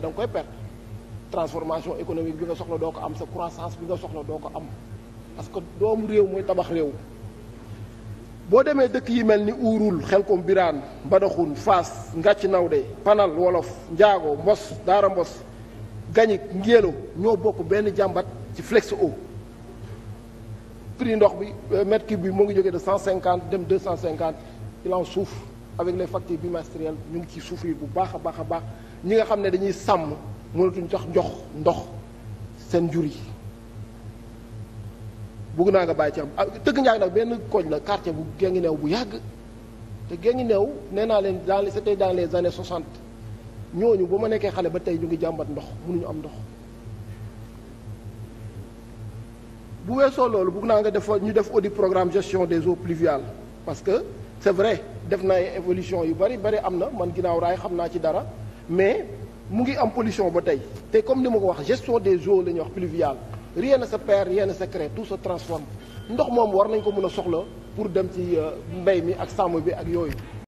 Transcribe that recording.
da nga koy perte transformation économique bi nga soxla doo ko am sa croissance bi nga soxla doo ko am parce que doomu réew mooy tabax réew boo demee dëkk yi mel ni uurul xelkom biraan mbadaxun faas ngàcc de panal wolof njaago mbos daara mbos gañik ngéelo ñoo bokk benn jàmbat ci flex eau prix ndox bi euh, mètre cube bi moo ngi jógee de cent cinquante dem deux cent cinquante il en avec les facteurs bimestriels ñu ngi ci souffrir bu baax a baax a baax ñi nga xam ne dañuy sàmm mënatuñ tax njox ndox seen jur yi bëgg naa nga bàyyi ci am ah, tëgg njaag nag benn koñ la quartier bu géngi new bu yàgg te géngi new nee naa leen dans les c'était dans les années 60 ñooñu ba ma nekkee xale ba tey ñu ngi jàmbat ndox mënuñu am ndox bu weesoo loolu bugg naa nga def ñu def audit programme gestion des eaux pluviales c'est vrai def naa ay évolution yu bari bari am na man ginnaaw raay xam naa ci dara mais mu ngi am pollution ba tey te comme ni ma ko wax gestion des eaux la ñuy wax pluviale rien ne se perd rien ne se crée tout se transforme ndox moom war nañ ko mën a soxla pour dem ci euh, mbay mi ak sàmm bi ak yooyu